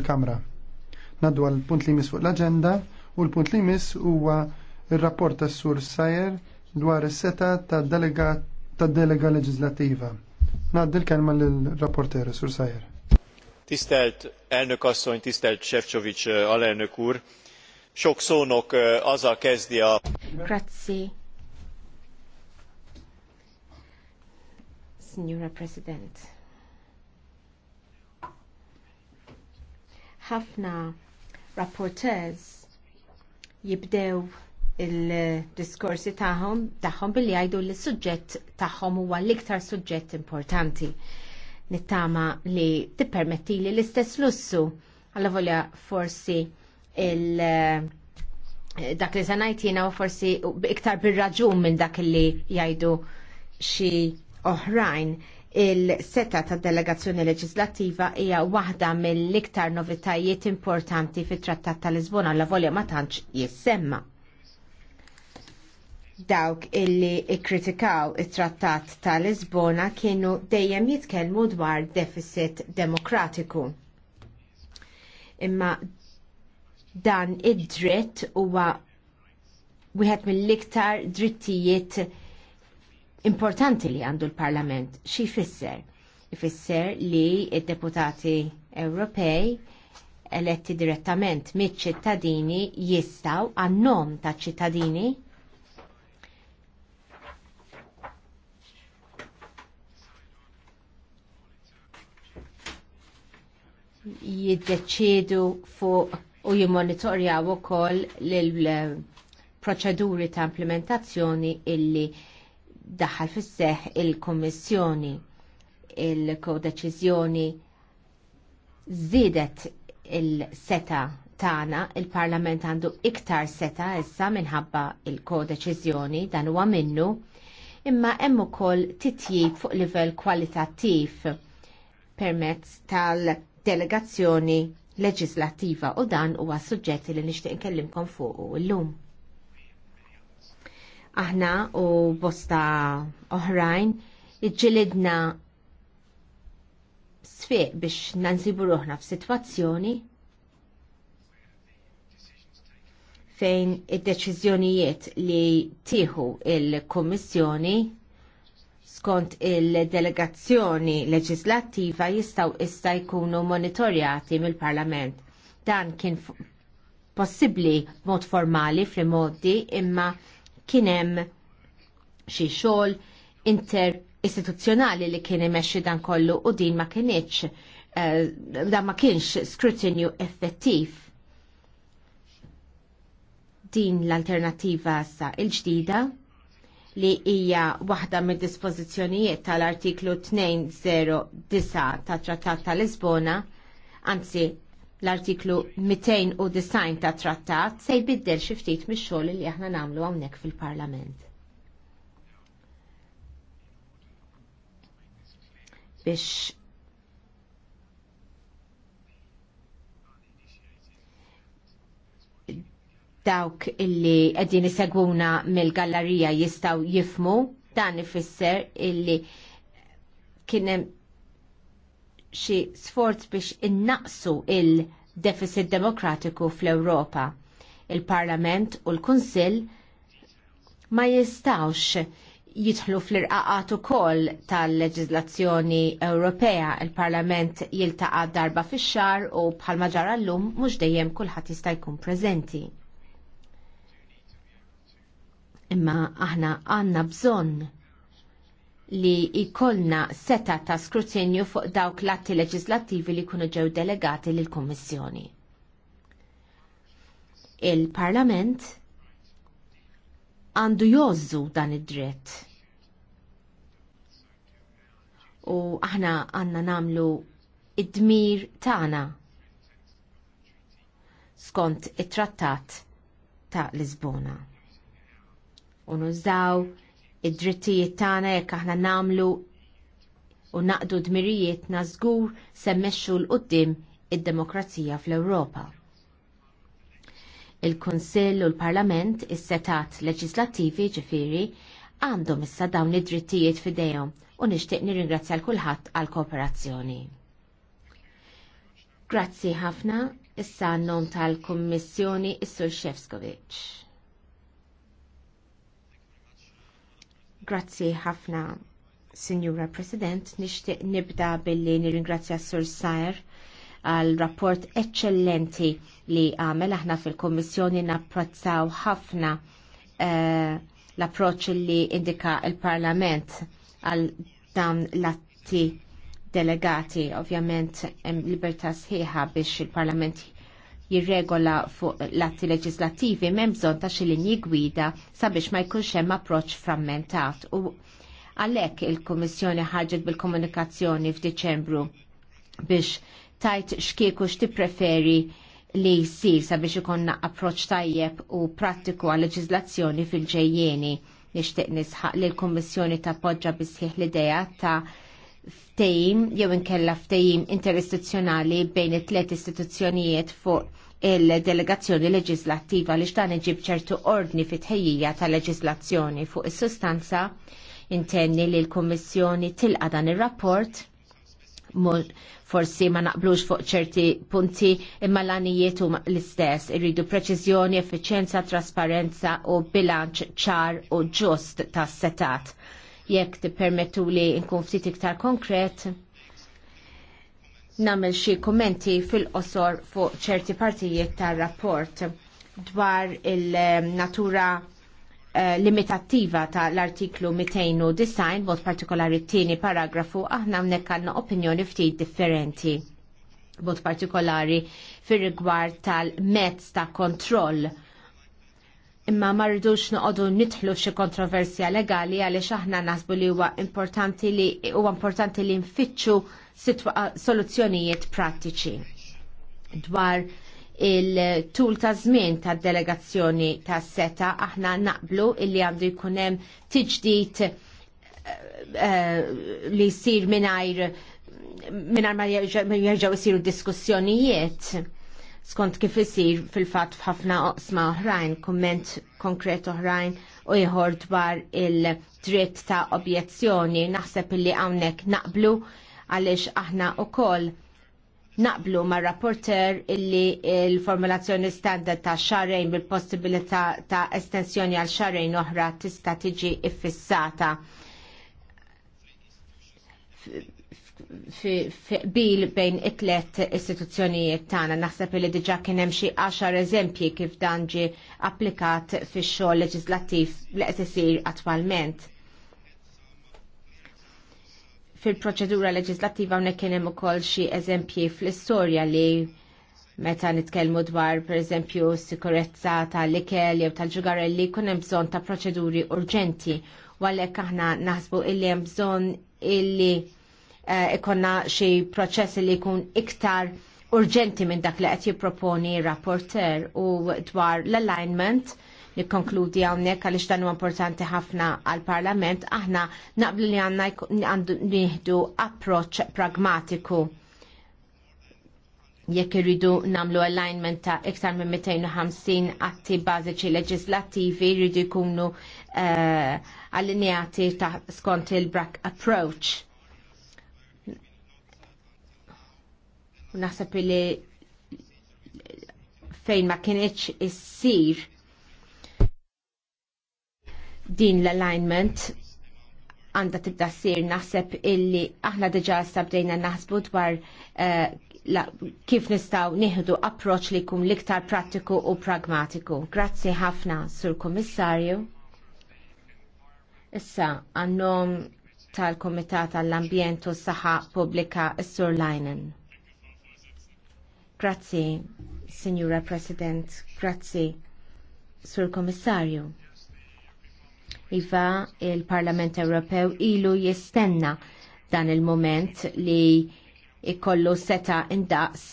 il-Kamra. Naddu għal punt li mis fuq l-agenda u l-punt li mis huwa il-rapport ta' sur Sajer dwar is-seta ta' delega ta' delega leġislativa. Naddu l-kelma l-rapporter sur Sajer. Tisztelt elnök asszony, tisztelt Sefcovics eh, alelnök úr, sok szónok eh, azzal kezdi a... Grazie. Signora President. ħafna rapporters jibdew il-diskorsi tagħhom taħom billi jgħidu li suġġett tagħhom huwa l-iktar suġġett importanti. Nittama li tippermetti li l-istess lussu għalla volja forsi il- dak li sanajt jina u forsi iktar bir-raġun minn dak li jgħidu xi oħrajn il-seta ta' delegazzjoni leġislattiva hija waħda mill-iktar novitajiet importanti fit-Trattat ta' Lisbona la volja ma tantx jissemma. Dawk illi ikkritikaw it-Trattat ta' Lisbona kienu dejjem jitkellmu dwar deficit demokratiku. Imma dan id-dritt huwa wieħed mill-iktar drittijiet importanti li għandu l-Parlament. Xi jfisser? Ifisser li il deputati Ewropej eletti direttament mit-ċittadini jistaw għannom ta' ċittadini jiddeċidu fu u jimmonitorjaw ukoll l-proċeduri ta' implementazzjoni illi daħal fisseħ il-Kommissjoni il-kodeċiżjoni zidet il-seta tagħna, il-Parlament għandu iktar seta issa minħabba il-kodeċiżjoni dan huwa minnu, imma hemm ukoll titjib fuq livell kwalitattiv permezz tal-delegazzjoni leġislattiva u dan huwa suġġetti li nixtieq nkellimkom fuq illum. Aħna u bosta oħrajn iġġilidna sfiq biex nansibu ruħna f'sitwazzjoni fejn id-deċiżjonijiet li tieħu il komissjoni skont il-delegazzjoni leġislattiva jistaw issa jkunu monitorjati mill-Parlament. Dan kien possibbli mod formali fl-modi imma kienem xi xogħol inter li kien imexxi dan kollu u din ma kienieċ uh, dan ma kienx skrutinju effettiv. Din l-alternativa sa il-ġdida li hija waħda mid dispożizzjonijiet tal-artiklu 209 ta' Trattat tal Lisbona, anzi l-artiklu 209 ta' trattat se jbiddel xi ftit mix-xogħol li aħna nagħmlu hawnhekk fil-Parlament. Biex dawk illi qegħdin isegwuna mill-gallerija jistgħu jifmu dan ifisser illi kien hemm xi sforz biex innaqsu il-deficit demokratiku fl-Ewropa. Il-Parlament u l-Kunsill ma jistawx jitħlu fl-irqaqat ukoll tal-leġizlazzjoni Ewropea. Il-Parlament jiltaqa darba fix-xar u bħalma ġara llum mhux dejjem kulħadd jista' jkun preżenti. Imma aħna għandna bżonn li jkollna seta ta' skrutinju fuq dawk l-atti leġislattivi li kunu ġew delegati lill kummissjoni Il-Parlament għandu jozzu dan id-dritt. U aħna għanna namlu id-dmir tagħna skont it-trattat ta' Lisbona. U nużdaw id-drittijiet tagħna jekk aħna nagħmlu u naqdu dmirijiet nażgur se mmexxu l qudiem id-demokrazija fl-Ewropa. Il-Kunsill u l-Parlament is-setat leġislattivi ġifieri għandhom issa dawn id-drittijiet f'idejhom u nixtieq nirringrazzja l kulħadd għall kooperazzjoni. Grazzi ħafna issa n-nom tal-Kummissjoni is-Sur Shevskovic. Grazzi ħafna, Signora President, nixtieq nibda billi nirringrazzja Sur Sajer għal rapport eccellenti li għamel aħna fil-Kommissjoni napprezzaw ħafna eh, l-approċ li indika il-Parlament għal dan l-atti delegati, ovvjament libertà sħiħa biex il-Parlament jirregola fuq l-atti leġislattivi m'hemm bżonn ta' xi linji gwida sabiex ma jkunx hemm approċċ frammentat u għalhekk il-Kummissjoni ħarġet bil-komunikazzjoni f'Diċembru biex tajt xkieku preferi li jsir sabiex ikonna approċċ tajjeb u prattiku għal leġislazzjoni fil-ġejjeni nixtieq nisħaq li l-Kummissjoni tappoġġa bisħieħ l-idea ta' ftejim jew inkella ftejim interistituzzjonali bejn it-tliet istituzzjonijiet fuq il-delegazzjoni leġislattiva li xtan iġib ċertu ordni fit-ħejjija ta' leġislazzjoni fuq is-sustanza intenni li l-Kommissjoni tilqa dan ir-rapport forsi ma naqblux fuq ċerti punti imma l-għanijiet huma l-istess irridu preċiżjoni, effiċjenza, trasparenza u bilanċ ċar u ġust tas setat jekk tippermettu li nkun ftit iktar konkret namel xi kommenti fil-qosor fuq ċerti partijiet tar-rapport dwar il-natura eh, limitattiva tal-artiklu 209 b'mod partikolari t-tieni paragrafu aħna mnek għandna opinjoni ftit differenti b'mod partikolari fir-rigward tal-mezz ta' kontroll imma ma rridux noqogħdu nidħlu xi kontroversja legali għaliex aħna naħsbu li huwa importanti li huwa importanti li nfittxu soluzzjonijiet prattiċi dwar il-tul ta' żmien ta' delegazzjoni ta' seta aħna naqblu illi għandu jkun hemm tiġdid eh, eh, li jsir mingħajr mingħajr ma jerġgħu jsiru diskussjonijiet skont kif isir fil-fatt f'ħafna oqsma oħrajn, kumment konkret oħrajn u jħor dwar il-dritt ta' objezzjoni. Naħseb illi hawnhekk naqblu għaliex aħna wkoll naqblu ma' rapporter illi il-formulazzjoni standard ta' xarrejn bil-possibilità ta' estensjoni għal xarrejn oħra tista' tiġi iffissata bil bejn it-tlet istituzzjonijiet tagħna naħseb li diġà kien hemm xi għaxar eżempji kif dan ġie applikat fix-xogħol leġislattiv li qed isir attwalment. Fil-proċedura leġislattiva hawnhekk kien hemm ukoll xi eżempji fl-istorja li meta nitkellmu dwar pereżempju sikurezza tal-ikel jew tal-ġugarelli kun hemm bżonn ta' proċeduri urġenti u għalhekk aħna naħsbu illi hemm bżonn illi Eh, ikonna xi proċess li jkun iktar urġenti minn dak li qed jipproponi rapporter u dwar l-alignment li konkludi għawnek għalix dan importanti ħafna għal-parlament, aħna naqblu li għanna nieħdu approċ pragmatiku jekk irridu namlu alignment ta' iktar minn 250 atti bażiċi leġislattivi jridu jkunu eh, allinjati ta' skont il-brack approach naħseb li fejn ma kienieċ issir din l-alignment għanda tibda sir naħseb illi aħna deġa sabdejna naħsbu dwar uh, kif nistaw nieħdu approċ li jkun liktar pratiku u pragmatiku. Grazzi ħafna sur kommissarju. Issa għannom tal-Komitat għall ambjent u s-Saħħa Pubblika Sur Lajnen. Grazzi, Signora President, grazzi, Sur Komissarju. Iva, il-Parlament Ewropew ilu jistenna dan il-moment li ikollu seta indaqs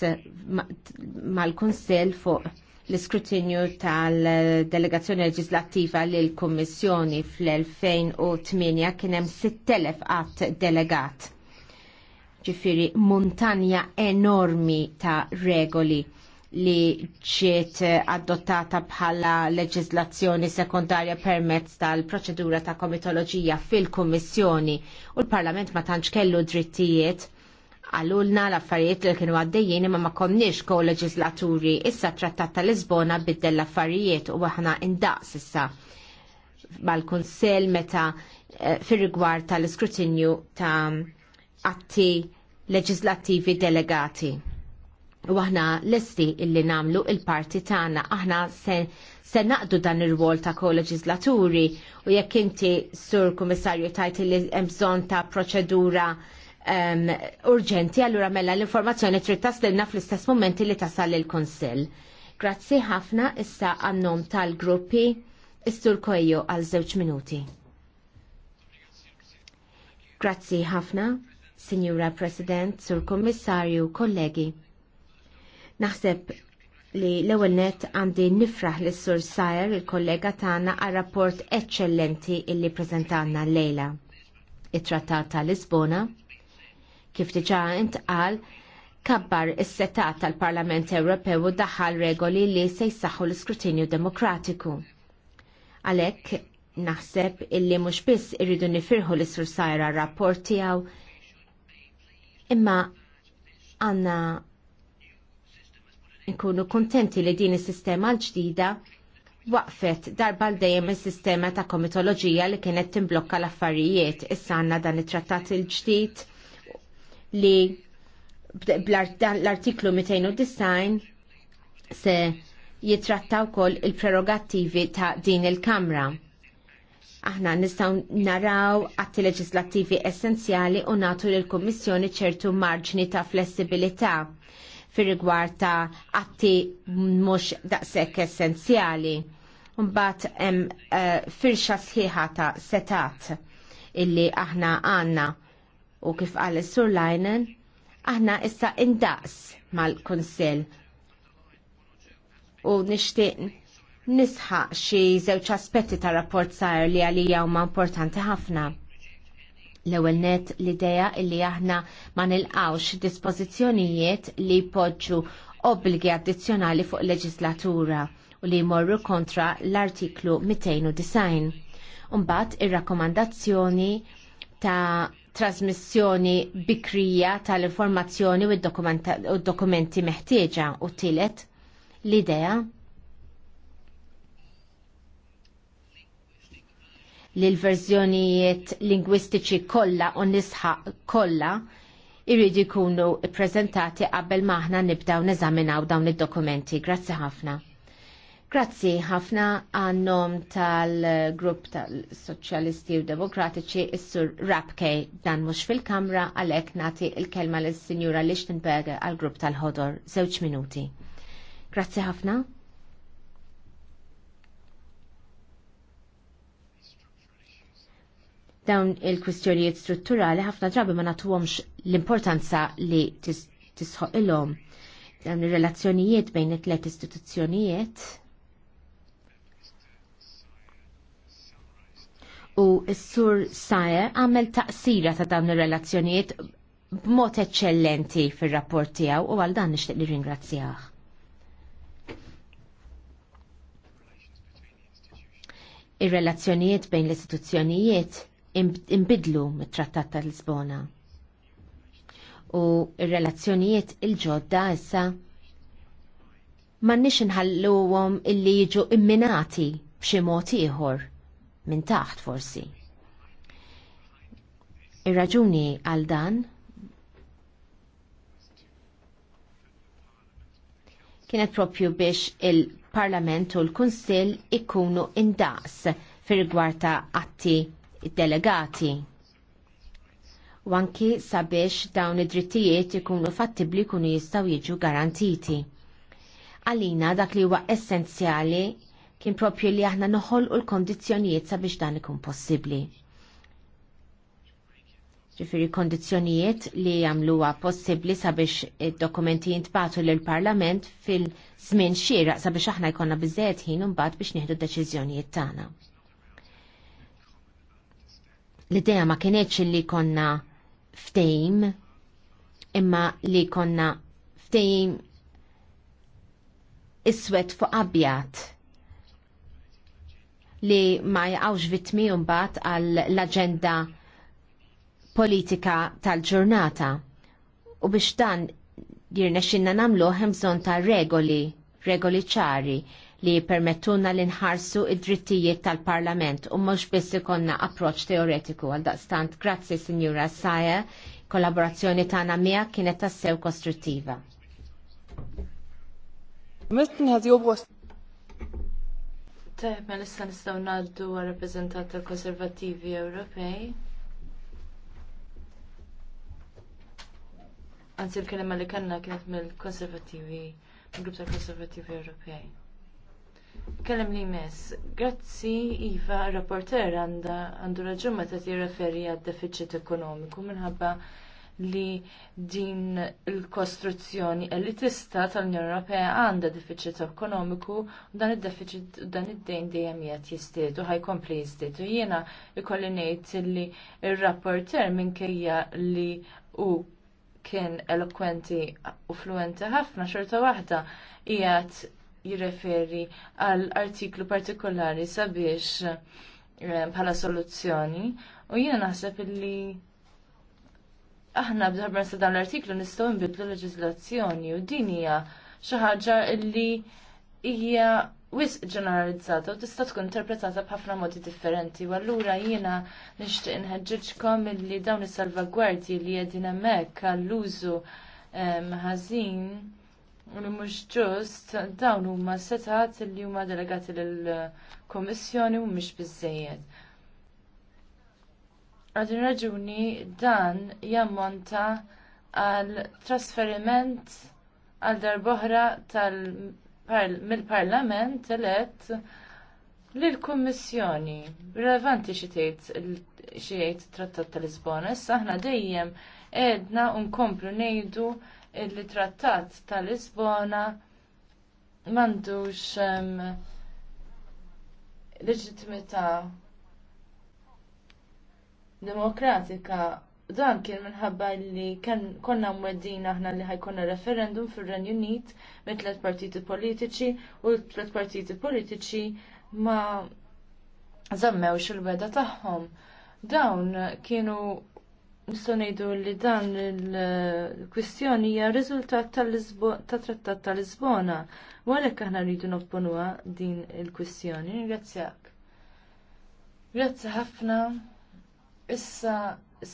mal kunsel fuq l-iskrutinju tal-delegazzjoni leġislattiva l kummissjoni fl-2008 kienem 6.000 għat delegat ġifiri montanja enormi ta' regoli li ġiet adottata bħala leġislazzjoni sekundarja permezz tal-proċedura ta' komitoloġija fil-Kummissjoni u l-Parlament ma tantx kellu drittijiet għallulna l-affarijiet li kienu għaddejjien imma ma konniex ko leġislaturi issa trattat ta' Lisbona biddel l-affarijiet u aħna indaqs issa mal-Kunsell meta eh, fir-rigward tal-iskrutinju ta' atti leġislattivi delegati. U aħna lesti illi namlu il-parti tagħna aħna se, se naqdu dan ir-rwol ta' koleġislaturi u jekk inti sur kummissarju tajt li hemm bżonn ta' proċedura um, urġenti, allura mela l-informazzjoni trid taslinna fl-istess momenti li tasal il-Kunsill. Grazzi ħafna issa għannom tal-gruppi istur kojju għal żewġ minuti. Grazzi ħafna, Signora President, Sur Kommissarju, kollegi. Naħseb li l-ewwel net għandi nifraħ lis sur Sajer il-kollega tagħna għal rapport eċċellenti illi preżentanna llejla. It-Trattat ta' Lisbona kif diġà intqal kabbar is-setat tal-Parlament Ewropew u daħal regoli li se jsaħħu l-iskrutinju demokratiku. Għalhekk naħseb illi mhux biss irridu nifirħu lis sur Sajer għar rapport tiegħu Imma għanna nkunu kontenti li din is-sistema l-ġdida waqfet darba l dejjem is-sistema ta' komitoloġija li kienet timblokka l-affarijiet. Issa għanna dan it-trattat il-ġdid li l-artiklu 209 se jitrattaw kol il-prerogattivi ta' din il-Kamra. Aħna nistgħu naraw atti leġislattivi essenzjali u natu lill kummissjoni ċertu marġni ta' flessibilità fir rigward ta' atti mhux daqshekk essenzjali. Mbagħad hemm uh, firxa sħiħa ta' setat illi aħna għandna u kif qal is-Sur aħna issa indaqs mal-Kunsill u nixtieq nisħaq xi żewġ aspetti tar rapport sar li għalija huma importanti ħafna. L-ewwel net l-idea li aħna ma nilqawx dispożizzjonijiet li jpoġġu obbligi addizzjonali fuq leġislatura u li jmorru kontra l-artiklu 290. Umbat ir-rakkomandazzjoni ta' trasmissjoni bikrija tal-informazzjoni u d-dokumenti meħtieġa u tielet l-idea li l-verżjonijiet lingwistiċi kollha u nisħa kollha irridu jkunu ppreżentati qabel ma aħna nibdew neżaminaw dawn id-dokumenti. Grazzi ħafna. Grazzi ħafna għannom tal-grupp tal-Soċjalisti u Demokratiċi is-Sur Rapkej dan mhux fil-Kamra għalhekk nagħti l kelma lis-Sinjura Lichtenberger għall-grupp tal-ħodor żewġ minuti. Grazzi ħafna. Dawn il-kwistjonijiet strutturali ħafna drabi ma natuhomx l-importanza li tisħoq ilhom. Dawn ir-relazzjonijiet bejn it-tlet istituzzjonijiet u s-sur Sajer għamel taqsira ta' dawn ir-relazzjonijiet b'mod eċċellenti fir-rapport tiegħu u għal dan nixtieq li ringrazzjah. Ir-relazzjonijiet bejn l-istituzzjonijiet imbidlu mit-trattat tal-Lisbona. U r-relazzjonijiet il-ġodda issa mannix nħalluhom illi jiġu imminati b'xi mod ieħor minn taħt forsi. Ir-raġuni għal dan kienet propju biex il-Parlament u l-Kunsill ikunu indaqs fir rigward ta' atti id-delegati. U anki sabiex dawn id-drittijiet ikunu fattibli kunu jistaw jiġu garantiti. Għalina dak li huwa essenzjali kien propju li aħna noħol u l-kondizjonijiet sabiex dan ikun possibli. Ġifiri kondizjonijiet li għamluwa possibli sabiex id-dokumenti jintbatu l-Parlament fil-żmien xieraq sabiex aħna jkonna bizzejet ħin un biex nieħdu d-deċiżjonijiet tagħna. L-idea ma kienieċ li konna ftejm, imma li konna ftejm iswed fuq abjad li ma jgħawx vitmi mbagħad għal l-aġenda politika tal-ġurnata. U biex dan jirnexxinna nagħmlu hemm bżonn ta' regoli, regoli ċari li permettuna li nħarsu id-drittijiet tal-Parlament u mhux biss ikonna approċċ teoretiku għal daqstant. Grazzi, Sinjura Saja, kollaborazzjoni tagħna miegħek kienet tassew kostruttiva. Mitten nistgħu ngħaddu ma nista nistaw naddu għal rappresentant tal-Konservativi Ewropej. Anzi, l-kelma li kanna kienet mill-Konservativi, mill-Grupp tal-Konservativi Ewropej. Kellem li mess, grazzi Iva, rapporter għandu raġun meta referi għad deficit ekonomiku minħabba li din il-kostruzzjoni elitista tal-Unjoni Ewropea għandha deficit ekonomiku u dan id-deficit dan id-dejn dejjem qed jistied u ħajkompli jistied. U jiena ikolli ngħid li r-rapporter minkejja li u kien elokwenti u fluenti ħafna xorta waħda qiegħed jirreferi għal artiklu partikolari sabiex eh, bħala soluzzjoni u jiena naħseb li aħna b'darba sa dan l-artiklu nistgħu nbidlu leġiżlazzjoni u din hija xi ħaġa li hija wisq ġeneralizzata u tista' tkun interpretata b'ħafna modi differenti u allura jiena nixtieq inħeġġiġkom milli dawn is-salvagwardji li qegħdin hemmhekk għall-użu eh, ħażin li mhux ġust dawn huma setat li huma delegati lill-Kummissjoni mhumiex bizzejed. Għadin raġuni dan jammonta għal trasferiment għal darboħra mill-Parlament elett l kummissjoni Relevanti xi tgħid trattat tal-Lisbona, issa aħna dejjem edna u nkomplu ngħidu il trattat tal-Lisbona mandux um, leġitimità demokratika dan kien minħabba li kan konna mweddin aħna li ħajkonna referendum fil-Ren Unit me tlet partiti politiċi u tlet partiti politiċi ma zammewx il-weda tagħhom. Dawn kienu Nistonejdu ngħidu li dan il-kwistjoni hija riżultat ta' trattat ta' Lisbona. U għalhekk aħna rridu nopponuha din il-kwistjoni. Ringrazzjak. Grazzi ħafna. Issa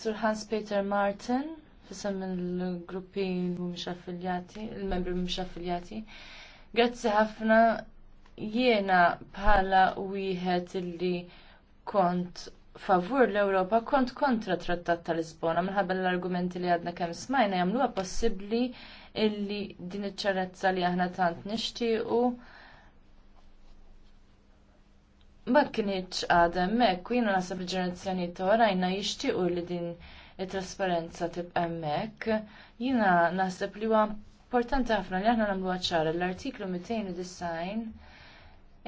Sir Hans Peter Martin fisem il-gruppi mhumiex affiljati, il-membri mhumiex affiljati. Grazzi ħafna jiena bħala wieħed illi kont favur l-Ewropa kont kontra trattat ta' Lisbona minħabba l-argumenti li għadna kemm smajna jagħmluha possibbli illi din iċ-ċarezza li aħna tant nixtiequ ma kinitx għadha hemmhekk u jiena naħseb il-ġenerazzjoni oħrajna jixtiequ li din it-trasparenza tibqa' hemmhekk. Jiena naħseb li huwa importanti ħafna li aħna nagħmluha ċara l-artiklu 290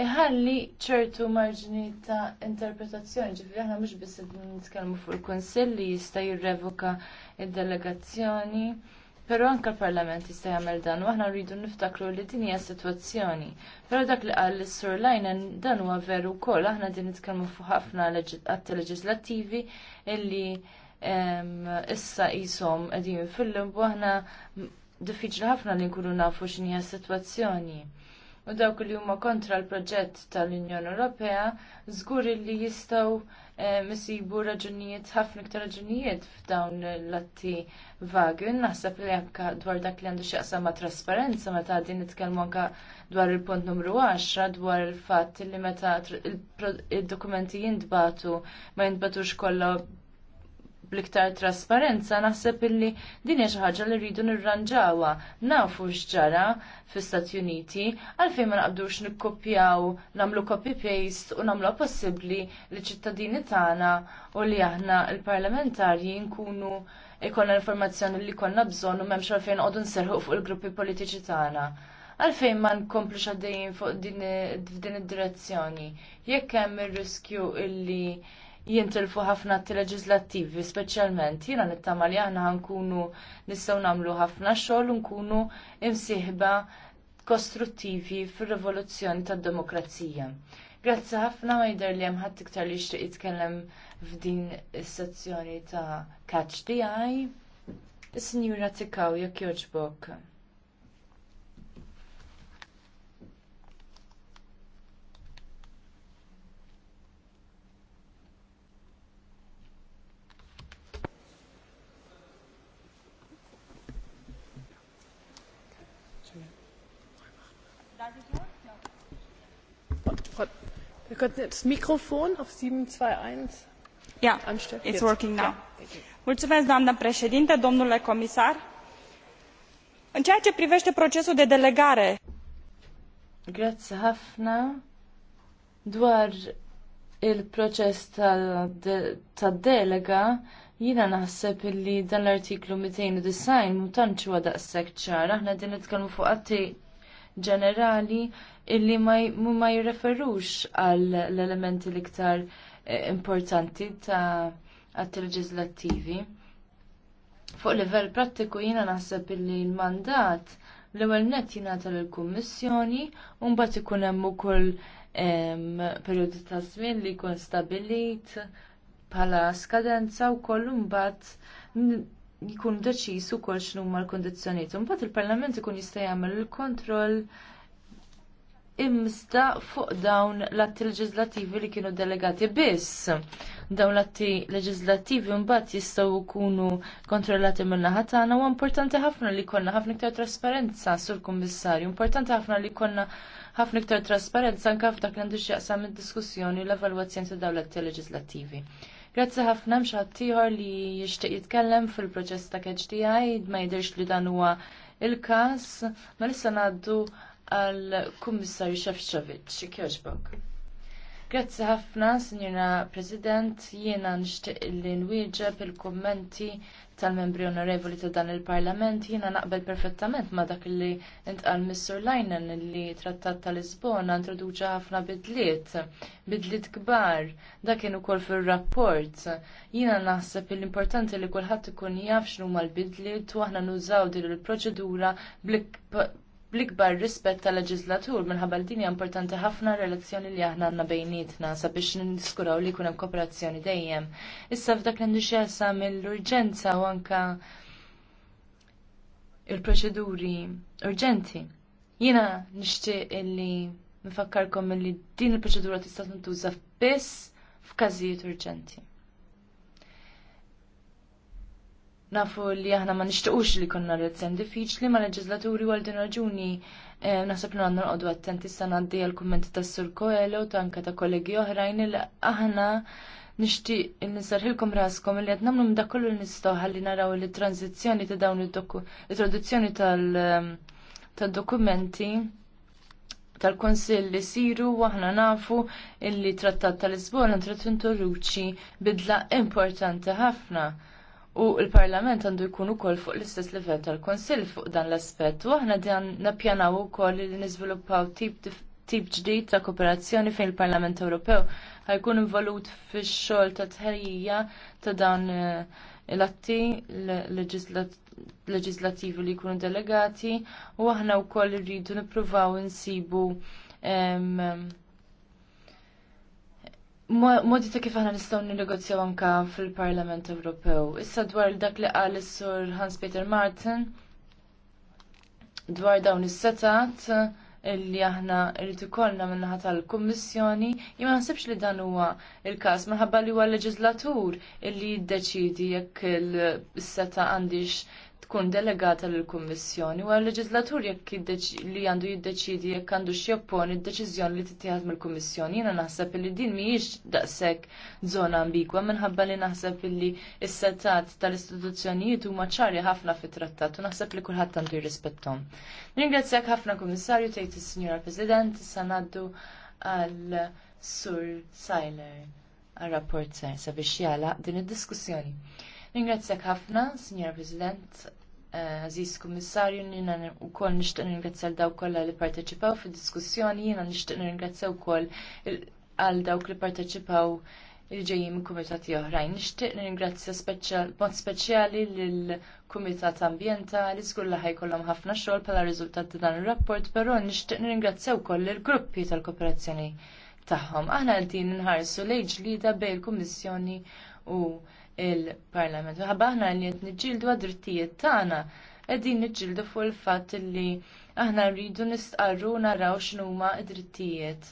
iħalli ċertu marġni ta' interpretazzjoni, ġifiri aħna mhux biss nitkellmu fuq il-Kunsill li jista' jirrevoka il delegazzjoni però anke l-Parlament jista' jagħmel dan u aħna rridu niftakru li din hija sitwazzjoni. Però dak li qal is-Sur dan huwa veru wkoll aħna din nitkellmu fuq ħafna atti leġislattivi illi issa qishom qegħdin fil-limbu aħna diffiċli ħafna li nkunu nafu x'inhi s-sitwazzjoni u dawk li huma kontra l-proġett tal-Unjoni Ewropea żgur li jistgħu misibu eh, raġunijiet ħafna iktar raġunijiet f'dawn l-atti vagi. Naħseb li anke dwar dak li għandu x'jaqsam ma' trasparenza meta din nitkellmu anka dwar il-punt numru 10 dwar il-fatt li meta id dokumenti jintbatu ma jintbatux kollha bliktar trasparenza naħseb illi din hija xi ħaġa li rridu nirranġawha. Nafu x'ġara fl-Istati Uniti għalfejn ma naqbdux nikkopjaw nagħmlu copy paste u nagħmluha possibbli li ċittadini tagħna u li aħna l-parlamentarji nkunu ikollna l-informazzjoni li konna bżonn u m'hemmx għalfejn qogħdu nserħu fuq il-gruppi politiċi tagħna għalfejn ma nkomplu xaddejjin fuq din id-direzzjoni. Jekk hemm ir-riskju illi jintilfu ħafna atti leġislattivi, speċjalment jiena nittama li għana nkunu nistgħu nagħmlu ħafna xogħol nkunu imsieħba kostruttivi fir-rivoluzzjoni tad-demokrazija. Grazzi ħafna ma jider li hemm ħadd iktar li xtiq jitkellem f'din is-sezzjoni ta' Catch the Eye. Is-Sinjura Tikaw jekk jogħġbok. doamnă președinte, domnule comisar. În ceea ce privește procesul de delegare. Grazie ħafna. Dwar il-proċess ta delega jina naħseb li dan l-artiklu 209 mutanċu għadaqsek ċar, aħna din nitkellmu fuq ġenerali illi ma jirreferux għal l-elementi l-iktar eh, importanti ta' għat leġislattivi. Fuq livell prattiku jiena naħseb illi l-mandat l-ewwel nett jingħata lill-Kummissjoni u mbagħad ikun hemm ukoll perjodi ta' żmien li jkun stabbilit bħala skadenza u kollu mbagħad jkun deċis ukoll x'nu ma l-kondizzjonijiet. Imbagħad il-Parlament ikun jista' jagħmel il-kontroll imsta fuq dawn l-atti leġislattivi li kienu delegati biss. Dawn l-atti leġislattivi mbagħad jistgħu jkunu kontrollati mill-naħa tagħna u importanti ħafna li jkollna ħafna iktar trasparenza sur kummissarju, importanti ħafna li jkollna ħafna iktar trasparenza anke f'dak li għandu x'jaqsam id-diskussjoni u l-evalwazzjoni ta' dawn l-atti leġislattivi. Grazzi ħafna mxħat tiħor li jishtiq jitkellem fil-proċess ta' KHDI, ma jidirx li dan huwa il-kas, ma lissa naddu għal-Kummissarju Shevchovic, kjoġbok. Grazzi ħafna, Signora President, jiena nixtieq li nwieġeb il-kummenti tal-membri onorevoli ta' dan il-Parlament jiena naqbel perfettament ma' dak li intqal Mr. Leinen li trattat tal-Lisbona introduċa ħafna bidliet, bidliet kbar, dak kien ukoll fir-rapport. Jiena naħseb l-importanti li kulħadd ikun jaf x'numa l-bidliet u aħna nużaw din il-proċedura bl bl-ikbar rispett tal-leġislatur minħabba din hija importanti ħafna relazzjoni li aħna għandna bejnietna sabiex niskuraw li jkun hemm kooperazzjoni dejjem. Issa f'dak li xesa mill-urġenza u anka il-proċeduri urġenti. Jiena nixtieq illi nfakkarkom illi din il-proċedura tista' tintuża biss f'każijiet urġenti. nafu li aħna ma nixtiequx li konna rezzjon diffiċli ma leġislaturi għal din raġuni eh, naħseb li għandna nqogħdu attenti sa għaddi għal kummenti tas-Sur Koelo ta anke ta' kollegi oħrajn li aħna nixtieq nisarħilkom raskom li qed nagħmlu minn dak li naraw li tranzizjoni ta' dawn it-traduzzjoni tal-dokumenti ehm, tal-Konsill li siru aħna nafu illi trattat tal-Lisbona trid introduċi bidla importanti ħafna U l-Parlament għandu jkun ukoll fuq l-istess livell tal kunsill fuq dan l-aspett. U aħna dan nappjanaw ukoll li niżviluppaw tip tip ġdid ta' kooperazzjoni fejn il-Parlament Ewropew ħajkun involut fix-xogħol ta' tħejjija ta' dawn eh, l-atti leġislativi li jkunu delegati u aħna wkoll irridu nippruvaw insibu Modi ta' kif aħna nistgħu nirnegozzjaw anka fil-Parlament Ewropew. Issa dwar dak li qal is-sur Hans Peter Martin dwar dawn is-setat li aħna rrid ikollna minnaħa tal-Kummissjoni, jien ma naħsibx li dan huwa il-każ minħabba li huwa l-leġislatur illi jiddeċidi jekk il seta għandix tkun delegata lill-Kummissjoni u għal-leġislatur jekk li għandu jiddeċidi jekk għandu x'jopponi d-deċiżjoni li tittieħed mill-Kummissjoni. Jiena naħseb li din mhijiex daqshekk żona ambigwa minħabba li naħseb li s-setat tal-istituzzjonijiet huma ċari ħafna fit-trattat u naħseb li kulħadd għandu jirrispettom. Ringrazzjak ħafna Kummissarju tgħid is-Sinjora President, issa ngħaddu għal Sur Sajler għal-rapport sajsa sabiex jala din id-diskussjoni. Ringrazzjak ħafna, Signor President, Eh, Aziz Kummissarju, jina u kol nishtiq nirringrazzja l-daw kolla li parteċipaw fi diskussjoni, jina nishtiq nirgazzaw u kol għal dawk li parteċipaw il-ġejjin il kumitati oħrajn. Nishtiq nirringrazzja mod speċjali lill-Kumitat Ambjentali, skur laħaj ħajkollhom ħafna xogħol bħala riżultat ta' dan ir-rapport, però nixtieq nirgazzaw wkoll il-gruppi tal-kooperazzjoni tagħhom. Aħna qegħdin nħarsu lejn ġlida bejn il-Kummissjoni u il-Parlament. Ħabba aħna li jett nġildu għad-drittijiet tagħna qegħdin niġġieldu fuq il-fatt li aħna rridu nistqarru naraw x'numa d-drittijiet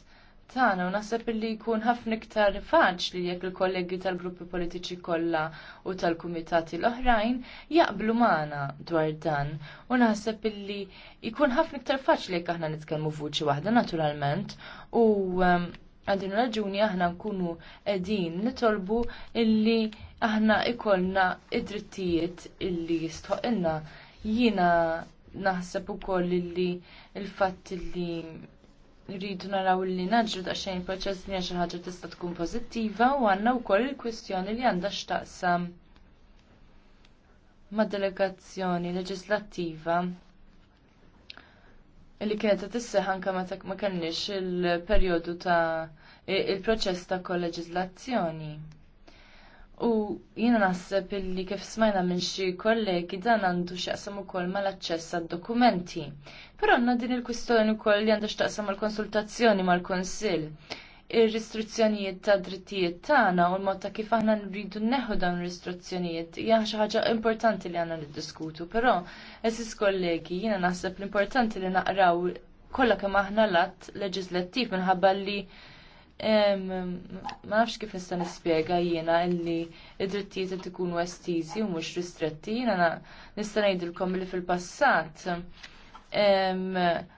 tagħna u naħseb li jkun ħafna iktar faċli jekk il-kollegi tal-gruppi politiċi kollha u tal-kumitati l-oħrajn jaqblu magħna dwar dan. U naħseb li jkun ħafna iktar faċli jekk aħna nitkellmu vuċi waħda naturalment u um, għandin raġuni aħna nkunu qegħdin nitolbu illi aħna ikollna id-drittijiet illi jistħoqilna. Jiena naħseb ukoll illi il-fatt illi rridu naraw li naġru ta' il-proċess li xi ħaġa tista' tkun pożittiva u għandna wkoll il-kwistjoni li għandha x'taqsam ma' delegazzjoni leġislattiva li kienet qed anke meta ma kellniex il-perjodu ta' il-proċess ta' kolleġislazzjoni. U jiena naħseb illi kif smajna minn xi kollegi dan għandu x'jaqsam ukoll mal-aċċess għad-dokumenti. Però għandna din il-kwistjoni wkoll li għandu x'taqsam mal-konsultazzjoni mal-Kunsill. Ir-restrizzjonijiet ta' drittijiet tagħna u l-mod ta' kif aħna nridu neħu dawn ir-restrizzjonijiet hija xi ħaġa importanti li għandna niddiskutu, però eżis kollegi jiena naħseb l-importanti li naqraw kollha kemm aħna l-att leġislattiv minħabba li ma nafx kif nista' nispjega jiena illi id-drittijiet qed ikunu estiżi u mhux ristretti, jiena nista' ngħidilkom li fil-passat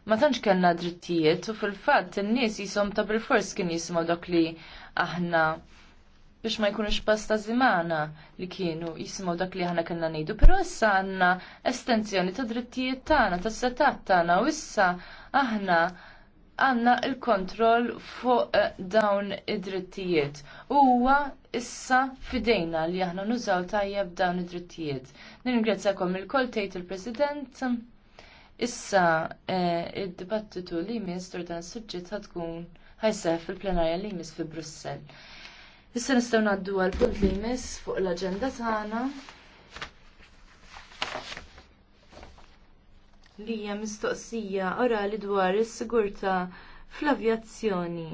ma tantx kellna drittijiet u fil-fatt in-nies jisom ta' bil-fors kien jisimgħu dak li aħna biex ma jkunux pasta zimana li kienu jisimgħu dak li aħna kellna ngħidu, però issa għandna estensjoni ta' drittijiet tagħna, tas setat tagħna u issa aħna għanna il-kontroll fuq eh, dawn id-drittijiet. Huwa issa fidejna li aħna nużaw tajjeb dawn id-drittijiet. Ningrazzakom il-kol tgħid il-President. Issa eh, id-dibattitu li jmiss dwar dan is-suġġett tkun ħajseħ fil-plenarja li jmiss fi Brussell. Issa nistgħu ngħaddu għal punt li jmiss fuq l-aġenda tagħna li hija mistoqsija orali dwar is-sigurtà fl-avjazzjoni.